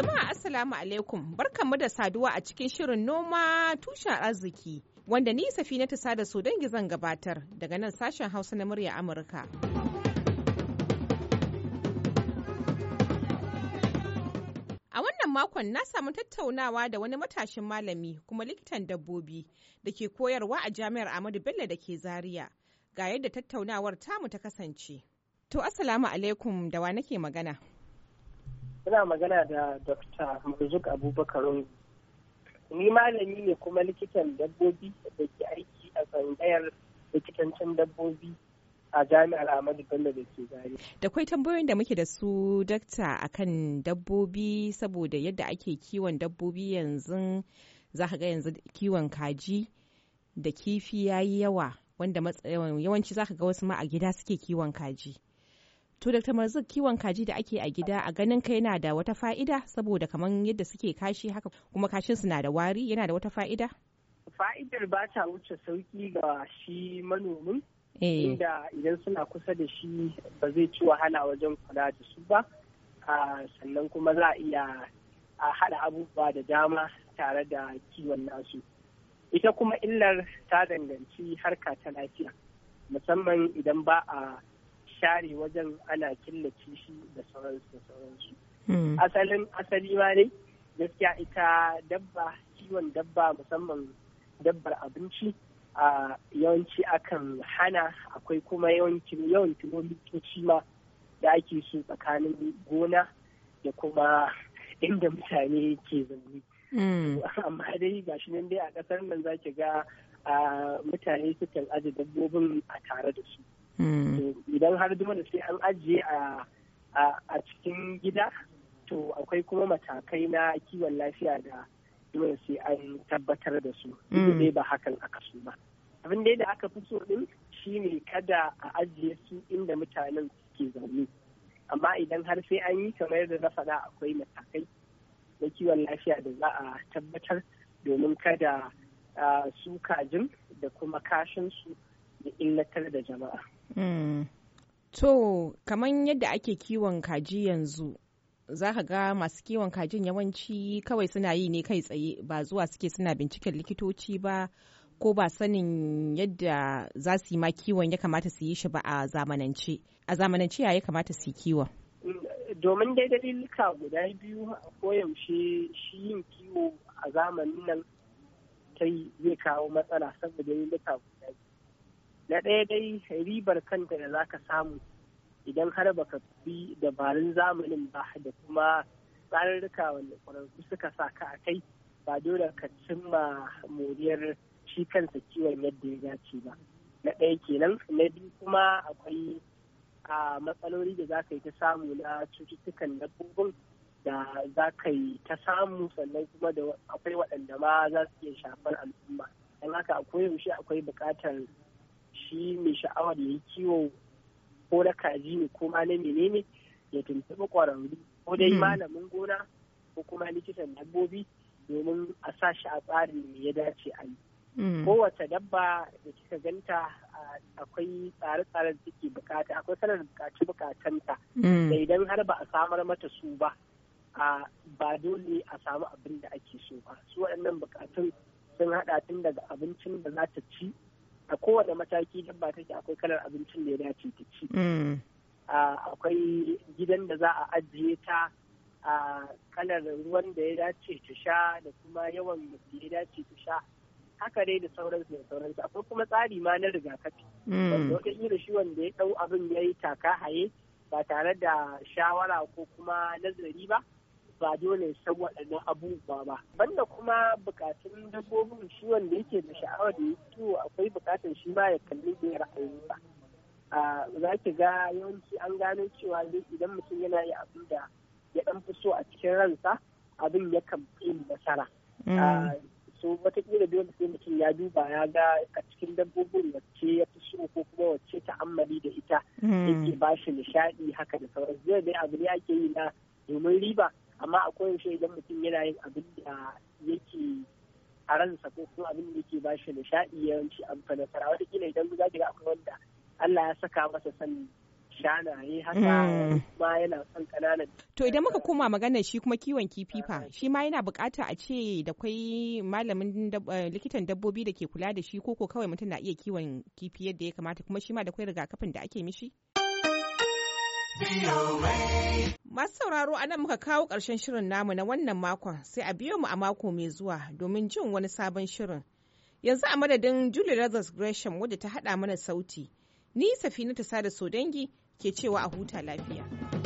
Jama'a Assalamu alaikum barkanmu da saduwa a cikin shirin noma tushen arziki wanda ni safina ta sada su dangi gizan gabatar daga nan sashen Hausa na murya Amurka. A wannan makon na samu tattaunawa da wani matashin malami kuma likitan dabbobi da ke koyarwa a jami'ar Amadu Bello da ke Zaria ga yadda tattaunawar tamu ta kasance. To Assalamu alaikum da wa nake magana. Suna magana da Dr. Marzuk Abubakar Ni malami ne kuma likitan dabbobi da ke aiki a tsangayar likitancin dabbobi a jami'ar Ahmadu Bello da ke gari. Da kai tambayoyin da muke da su dakta akan dabbobi saboda yadda ake kiwon dabbobi yanzu za ka ga yanzu kiwon kaji da kifi yayi yawa wanda yawanci za ka ga wasu ma a gida suke kiwon kaji. To Dr. Marzuk kiwon kaji da ake a gida a ganin ka yana da wata fa'ida saboda kamar yadda suke kashi haka kuma kashin su na da wari yana da wata fa'ida? Fa'idar ba ta wuce sauki ga shi manomin eh. inda idan suna kusa da shi ba zai ci wahala wajen kula da su ba sannan kuma za a iya haɗa abubuwa da dama tare da kiwon nasu. Ita kuma illar ta danganci harka ta lafiya musamman idan ba a share wajen ana killace shi da sauransu da sauransu hmm. asalin asali ma ne gaskiya ita dabba kiwon dabba musamman dabbar abinci a yawanci akan hana akwai kuma yawancin yawan kilomitoci ma da ake su tsakanin gona da kuma inda mutane ke zaune hmm. amma dai ga shi nan dai a ƙasar nan za ga mutane sukan aje dabbobin a tare da su idan har dole sai an ajiye a cikin gida to akwai kuma matakai na kiwon lafiya da dole sai an tabbatar da su dai ba hakan aka so ba abin da aka fi so din shine kada a ajiye su inda mutanen ke zaune amma idan har sai an yi kamar da na faɗa akwai matakai na kiwon lafiya da za a tabbatar domin kada su kajin da kuma kashin su ya illatar da jama'a. Mm. To, kamar yadda ake kiwon kaji yanzu, za ka ga masu kiwon kajin yawanci kawai suna yi ne kai tsaye ba zuwa suke suna binciken likitoci ba ko ba sanin yadda za su yi ma kiwon ya kamata su yi shi ba a zamanance. A zamanance ya kamata su yi kiwon. Domin dai dalilika guda biyu a koyaushe shi yin kiwo a zamanin nan ta zai kawo matsala saboda dalilika guda biyu. na ɗaya dai ribar kanta da za ka samu idan har baka bi dabarun zamanin ba da kuma tsarurruka wanda ƙwararru suka sa ka a kai ba dole ka cimma moriyar shi kansa kiwon yadda ya dace ba na ɗaya kenan na biyu kuma akwai a matsaloli da za ka yi ta samu na cututtukan dabbobin da za ka yi ta samu sannan kuma da akwai waɗanda ma za su iya shafar al'umma don haka akwai yaushe akwai buƙatar shi mai sha'awar ya kiwo ko na kaji ne ko ma na menene ya tuntuɓi ƙwararru ko dai hmm. malamin gona ko kuma likitan dabbobi domin a sa shi a tsarin da ya dace a yi. Hmm. Kowace dabba da kika ganta akwai tsare-tsaren da take bukata, akwai sanar bukaci bukatanta hmm. da idan har ba a samar mata su ba, ba dole a samu abin da ake so ba. Su waɗannan bukatun sun haɗa tun daga abincin da za ta ci a kowane mataki dabba take akwai kalar abincin da ya dace ta ci mm. akwai gidan da za a ajiye ta a kalar ruwan da ya dace ta sha da kuma yawan da ya dace ta sha haka dai da sauransu da sauransu akwai kuma tsari ma na rigakafi mm. wanda wata ira shi wanda ya ɗau abin ya yi taka haye ba tare da shawara ko kuma nazari ba ba dole san waɗannan abubuwa ba banda kuma bukatun dabbobin shi wanda yake da sha'awar da yake akwai bukatun shi ma ya kalli da ra'ayi ba za ki ga yawanci an gano cewa idan mutum yana yi abin da ya ɗan fi so a cikin ransa abin ya kan fi nasara mm. so watakila dole sai mutum ya duba ya ga a cikin dabbobin wacce ya fi so ko kuma wacce ta'ammali da ita mm. yake ba shi nishaɗi haka da sauran zai dai abu ne ake yi na domin riba amma a koyaushe idan mutum yana yin abin da yake a ransa ko kuma abin da yake ba shi nishaɗi yawanci an fa nasara wataƙila idan za ki ga akwai wanda Allah ya saka masa san shanaye haka hmm. ma yana son ƙananan. To idan muka koma maganar shi kuma kiwon kifi fa shi ma yana bukata a ce da kwai malamin eh, likitan dabbobi da ke kula da shi ko ko kawai mutum na iya kiwon kifi yadda ya kamata kuma shi ma da kwai rigakafin da ake mishi. Masu sauraro a nan muka kawo ƙarshen shirin namu na wannan makon sai a biyo mu a mako mai zuwa domin jin wani sabon shirin. Yanzu a madadin Julie Razors Gresham wadda ta haɗa mana sauti. Ni ta Sada dangi ke cewa a huta lafiya.